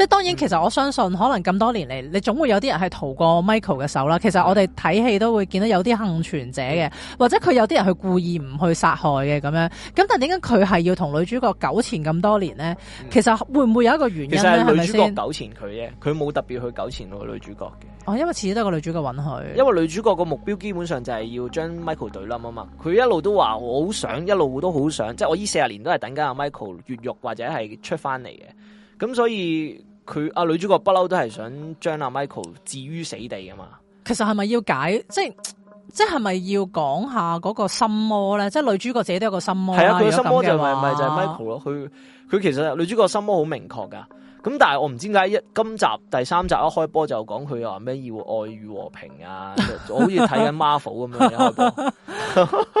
即係當然，其實我相信可能咁多年嚟，你總會有啲人係逃過 Michael 嘅手啦。其實我哋睇戲都會見到有啲幸存者嘅，或者佢有啲人係故意唔去殺害嘅咁樣。咁但係點解佢係要同女主角糾纏咁多年咧？其實會唔會有一個原因咧？其實女主角糾纏佢嘅？佢冇特別去糾纏個女主角嘅。哦，因為始終得個女主角允許。因為女主角個目標基本上就係要將 Michael 懟冧啊嘛。佢一路都話我好想，一路都好想，即係我呢四十年都係等緊阿 Michael 越獄或者係出翻嚟嘅。咁所以。佢阿女主角不嬲都係想將阿 Michael 置於死地噶嘛？其實係咪要解？即係即係咪要講下嗰個心魔咧？即係女主角自己都有個心魔。係啊，佢個心魔就咪咪就係、係、Michael 咯。佢佢其實女主角心魔好明確噶。咁但係我唔知點解一今集第三集一開波就講佢話咩要愛與和平啊， [laughs] 我好似睇緊 Marvel 咁樣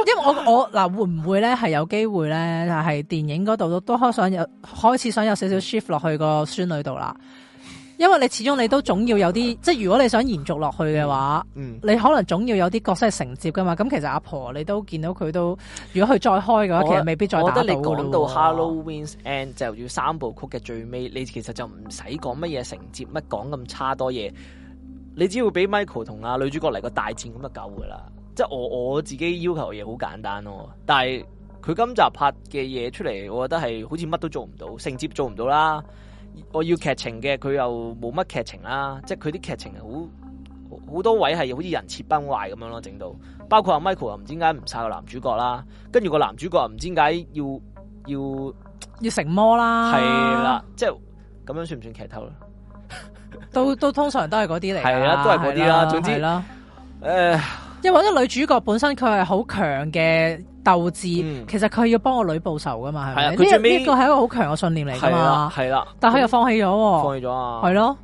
[laughs] [laughs] 因為我我嗱會唔會咧係有機會咧係電影嗰度都都開始想有開始想有少少 shift 落去個孫女度啦。因為你始終你都總要有啲，即係如果你想延續落去嘅話，嗯嗯，你可能總要有啲角色係承接噶嘛。咁其實阿婆你都見到佢都，如果佢再開嘅話，其實未必再達到咯。我覺得你講到 Halloween Ends 就要三部曲嘅最尾，你其實就唔使講乜嘢承接，乜講咁差多嘢，你只要俾 Michael 同阿女主角嚟個大戰咁就夠噶啦。即係我我自己要求嘅嘢好簡單咯，但係佢今集拍嘅嘢出嚟，我覺得係好似乜都做唔到，承接做唔到啦。我要劇情嘅佢又冇乜劇情啦，即係佢啲劇情好好多位係好似人設崩壞咁樣咯，整到包括阿 Michael 又唔知點解唔殺個男主角啦，跟住個男主角又唔知點解要要要成魔啦，係啦，即係咁樣算唔算劇透咧？都都、都通常都係嗰啲嚟，係啦，都係嗰啲啦，總之係咯，誒、呃，因為嗰女主角本身佢係好強嘅。鬥志，其實佢要幫個女報仇噶嘛，係、嗯、咪？呢呢、這個係、這個、一個好強嘅信念嚟噶係啦，但係佢又放棄咗、嗯，放棄咗啊。係咯，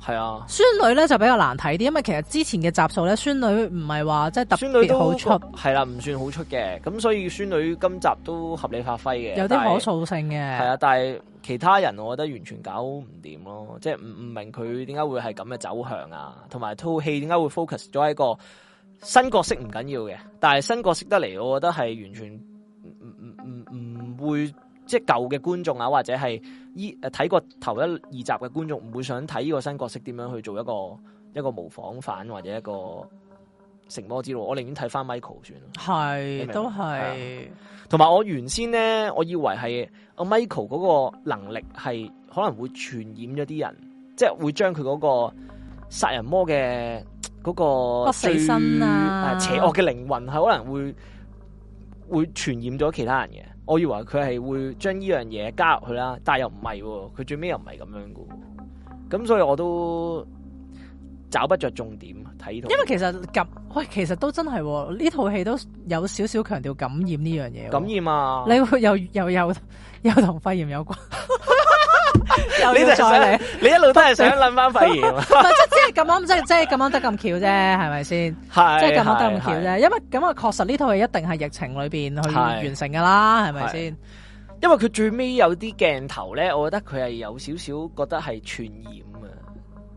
係啊。孫、啊、女咧就比較難睇啲，因為其實之前嘅集數咧，孫女唔係話即係特別好出，係啦，唔算好出嘅。咁所以孫女今集都合理發揮嘅，有啲可塑性嘅。係啊，但係其他人我覺得完全搞唔掂咯，即係唔唔明佢點解會係咁嘅走向啊，同埋套戲點解會 focus 咗一個。新角色唔緊要嘅，但係新角色得嚟，我覺得係完全唔唔唔唔會，即係舊嘅觀眾啊，或者係依誒睇過頭一二集嘅觀眾，唔會想睇呢個新角色點樣去做一個一個模仿犯或者一個成魔之路。我寧願睇翻 Michael 算，係都係。同埋我原先咧，我以為係阿 Michael 嗰個能力係可能會傳染咗啲人，即係會將佢嗰個殺人魔嘅。嗰、那個死身啊！邪惡嘅靈魂係可能會會傳染咗其他人嘅，我以為佢係會將呢樣嘢加入去啦，但係又唔係，佢最尾又唔係咁樣噶，咁所以我都找不着重點睇呢套。因為其實咁喂，其實都真係呢套戲都有少少強調感染呢樣嘢，感染啊！你又又有。又又又同肺炎有關， [laughs] [laughs] 你就再嚟，你一路都係想諗翻肺炎。即係咁啱，即係即係咁啱得咁巧啫，係咪先？係即係咁啱得咁巧啫， [laughs] [laughs] 因為咁啊，確實呢套戲一定係疫情裏邊去完成噶啦，係咪先？因為佢最尾有啲鏡頭咧，我覺得佢係有少少覺得係傳染啊。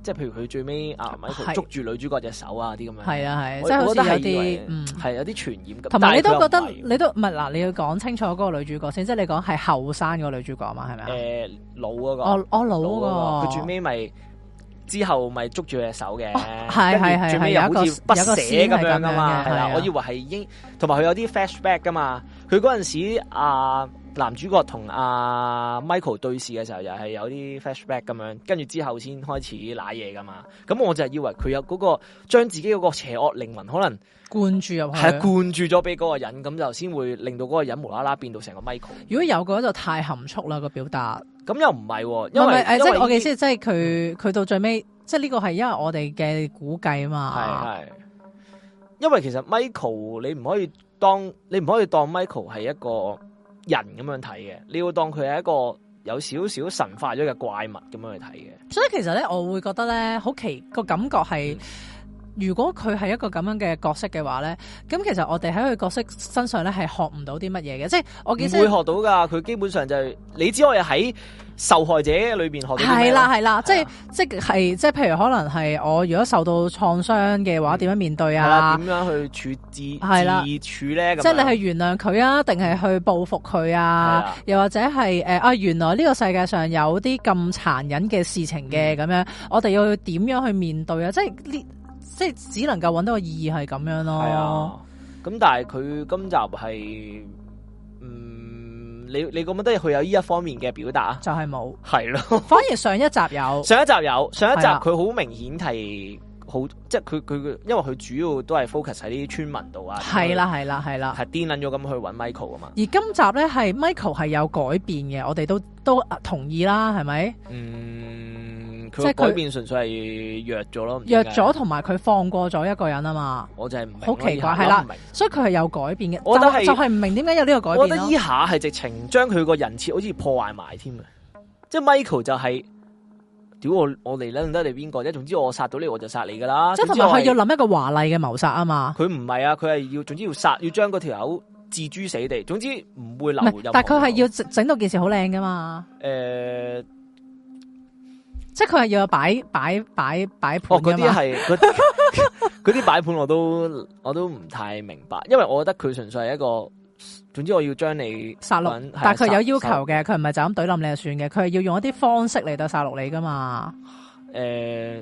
即係譬如佢最尾啊，捉住女主角隻手啊啲咁樣。係啊係，即係好似有啲嗯，係有啲傳染。同、嗯、埋你都覺得、嗯、你都唔係嗱，你要講清楚嗰個女主角先，即係你講係後生嗰個女主角嘛，係咪啊？老嗰個。我、哦哦、老嗰個，佢最尾咪之後咪捉住隻手嘅，係係係係一個有一個不捨咁樣噶嘛，係啦。我以為係應，同埋佢有啲 flashback 噶嘛，佢嗰陣時啊。男主角同阿、啊、Michael 對視嘅時候，又係有啲 flashback 咁樣，跟住之後先開始瀨嘢㗎嘛。咁我就以為佢有嗰、那個將自己嗰個邪惡靈魂可能灌注入去，係啊，灌注咗俾嗰個人，咁就先會令到嗰個人無啦啦變到成個 Michael。如果有個就太含蓄啦，那個表達，咁又唔係、啊，因為即係我嘅意思，即係佢佢到最尾，即係呢、這個係因為我哋嘅估計啊嘛，係係，因為其實 Michael 你唔可以當你唔可以當 Michael 係一個。人咁樣睇嘅，你要當佢係一個有少少神化咗嘅怪物咁樣去睇嘅，所以其實咧我會覺得咧好奇個感覺係。嗯如果佢係一個咁樣嘅角色嘅話咧，咁其實我哋喺佢角色身上咧係學唔到啲乜嘢嘅，即係我唔會學到噶。佢基本上就係、是、你只可以喺受害者裏邊學到的。係啦係啦，即係即係即係，譬如可能係我如果受到創傷嘅話，點樣面對啊？點樣去處置？係啦，自處咧。即係你係原諒佢啊，定係去報復佢啊？又或者係誒啊，原來呢個世界上有啲咁殘忍嘅事情嘅咁樣，我哋要點樣去面對啊？即係呢？即係只能夠揾到個意義係咁樣咯，係啊。咁但係佢今集係，嗯，你你覺唔覺得佢有呢一方面嘅表達啊？就係冇，係咯。反而上一， [laughs] 上一集有，上一集有，上一集佢好明顯係好，即係佢佢因為佢主要都係 focus 喺啲村民度啊。係啦係啦係啦，係癲捻咗咁去揾 Michael 啊嘛。而今集咧係 Michael 係有改變嘅，我哋都都同意啦，係咪？嗯。即係佢變純粹係弱咗咯，弱咗同埋佢放過咗一個人啊嘛，我就係好奇怪係啦，所以佢係有改變嘅，就就係、是、唔明點解有呢個改變。我覺得依下係直情將佢個人設好似破壞埋添啊！即係 Michael 就係、是，屌我我嚟，得得你邊個啫？總之我殺到你我就殺你噶啦！即係同埋係要諗一個華麗嘅謀殺啊嘛！佢唔係啊，佢係要總之要殺，要將嗰條友置諸死地，總之唔會留，入但佢係要整到件事好靚噶嘛？誒、呃。即係佢係要擺擺擺擺盤嘛，擺擺擺盤哦，啲係嗰啲擺盤我都我都唔太明白，因為我覺得佢純粹係一個，總之我要將你殺戮，啊，但佢有要求嘅，佢唔係就咁懟冧你就算嘅，佢係要用一啲方式嚟到殺戮你噶嘛，呃。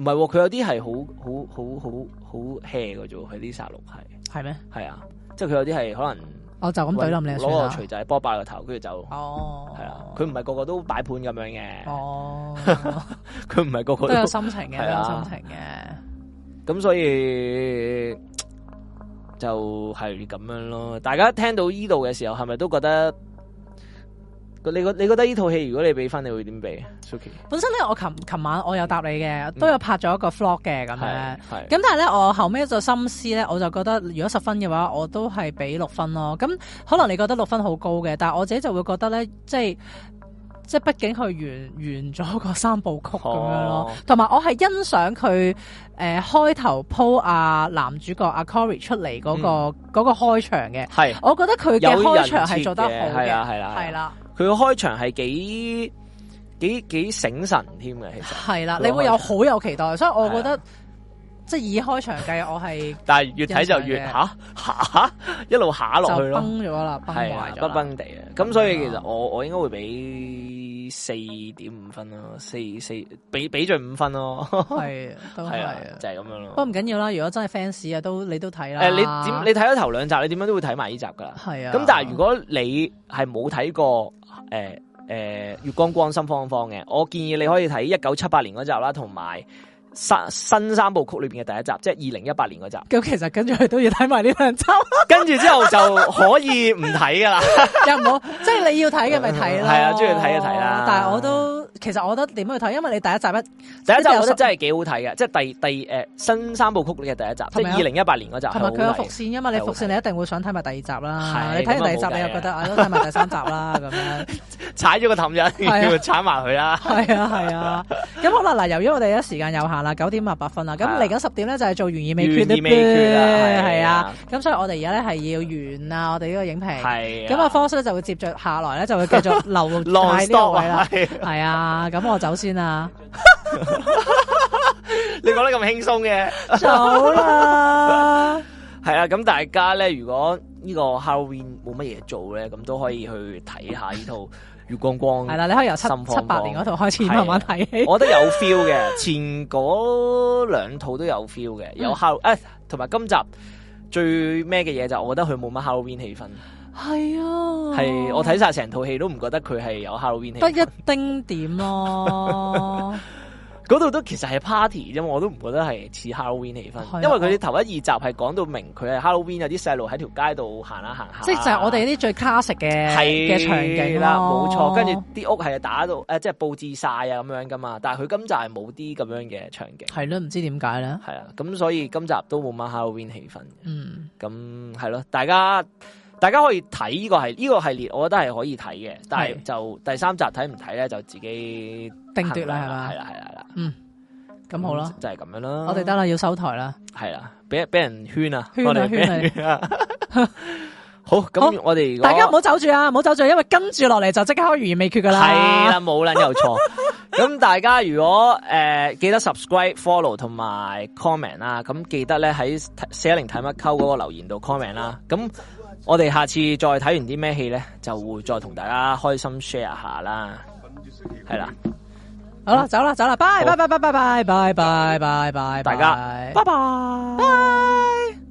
誒、哦，唔係，佢有啲係好好好好好 hea 嘅啫，佢啲殺戮係係咩？係啊，即係佢有啲係可能。我就咁懟冧你啦！攞個錘仔波霸個頭，跟住就，哦，係啊，佢唔係個個都擺盤咁樣嘅，哦，佢唔係個個都有心情嘅，都有心情嘅，咁、啊、所以就係、是、咁樣咯。大家聽到呢度嘅時候，係咪都覺得？你覺你覺得呢套戲，如果你俾分你會點俾？蘇琪，本身咧我琴琴晚我有答你嘅、嗯，都有拍咗一個 vlog 嘅咁樣。係、嗯。咁但係咧我後尾就心思咧，我就覺得如果十分嘅話，我都係俾六分咯。咁可能你覺得六分好高嘅，但係我自己就會覺得咧，即係即係畢竟佢完完咗個三部曲咁樣咯。同、哦、埋我係欣賞佢誒開頭鋪阿男主角阿 Corey 出嚟嗰、那個嗰、嗯那個開場嘅。係。我覺得佢嘅開場係做得好嘅。係啦，係啦、啊。佢嘅開場係幾幾幾醒神添嘅，其實係啦，你會有好有期待，所以我覺得即係以開場計，我係但係越睇就越吓吓、啊啊啊、一路吓落去咯，崩咗啦，崩壞咗，崩崩地啊！咁所以其實我我應該會俾四點五分咯，四四俾俾盡五分咯，係係啊，就係、是、咁樣咯。不過唔緊要啦，如果真係 fans 啊，都你都睇啦。你點你睇咗頭兩集，你點樣都會睇埋呢集噶啦。係啊，咁但係如果你係冇睇過，誒、欸、誒，月、欸、光光心慌慌嘅，我建議你可以睇一九七八年嗰集啦，同埋三新三部曲裏邊嘅第一集，即係二零一八年嗰集。咁其實跟住佢都要睇埋呢兩集，跟住之後就可以唔睇㗎喇，又唔好，即係你要睇嘅咪睇啦，係啊，中意睇就睇啦，但係我都。其實我覺得點樣去睇，因為你第一集一有第一集我覺得真係幾好睇嘅，即係第第誒新三部曲嘅第一集，二零一八年嗰集。同埋佢有伏線噶嘛，你伏線你一定會想睇埋第二集啦。你睇完第二集，你又覺得啊，都睇埋第三集啦咁 [laughs] 樣。踩咗個凼啫、啊，要踩埋佢啦。係啊係啊，咁、啊啊、 [laughs] 好啦嗱，由於我哋一時間有限啦，九點五十八分啦，咁嚟緊十點咧就係做懸疑未決嘅，係啊，咁、啊啊啊、所以我哋而家咧係要完啊，我哋呢個影評咁啊，方叔就會接着下來咧，就會繼續留喺呢個位啦，係 [laughs] 啊。啊，咁我走先啦！你講得咁輕鬆嘅，走啦！係 [laughs] 啊，咁大家咧，如果呢個 Halloween 冇乜嘢做咧，咁都可以去睇下呢套月光光。係啦，你可以由七七八年嗰套開始慢慢睇起。我覺得有 feel 嘅， [laughs] 前嗰兩套都有 feel 嘅，有 Halloween，嗯哎。誒，同埋今集最咩嘅嘢就，我覺得佢冇乜 Halloween 氣氛。係啊，係我睇晒成套戲都唔覺得佢係有 Halloween 氣氛，得一丁點咯。嗰度都其實係 party 啫，我都唔覺得係似 Halloween 氣氛，啊。因為佢哋頭一二集係講，就是啊，到明佢係 Halloween，有啲細路喺條街度行下行下，即係就係我哋啲最 classic 嘅係嘅場景啦，冇錯。跟住啲屋係打到即係佈置晒啊咁樣噶嘛。但係佢今集係冇啲咁樣嘅場景，係咯，唔知點解咧？係啊，咁、啊，所以今集都冇乜 Halloween 氣氛。嗯，咁係咯，大家。大家可以睇呢個係呢個系列，這個、系列我覺得係可以睇嘅。但係就第三集睇唔睇咧，就自己定奪啦，係嘛？係啦係啦係啦。嗯，咁好啦，就係、是、咁樣啦。我哋得啦，要收台啦。係啦，俾俾人圈啊，圈啊圈啊。圈啊圈啊 [laughs] [laughs] 好，咁我哋、哦、大家唔好走住啊，唔好走住、啊，因為跟住落嚟就即刻可以完言未決噶啦。係啦，冇論有錯。咁大家如果誒、呃、記得 subscribe、follow 同埋 comment 啦、啊，咁記得咧喺寫零睇乜溝嗰個留言度 comment 啦，咁。我哋下次再睇完啲咩戲咧，就會再同大家開心 share 下啦。係啦，好啦，走啦，走啦，拜拜拜拜拜拜拜拜拜拜，大家拜拜拜。Bye bye, bye. Bye. Bye.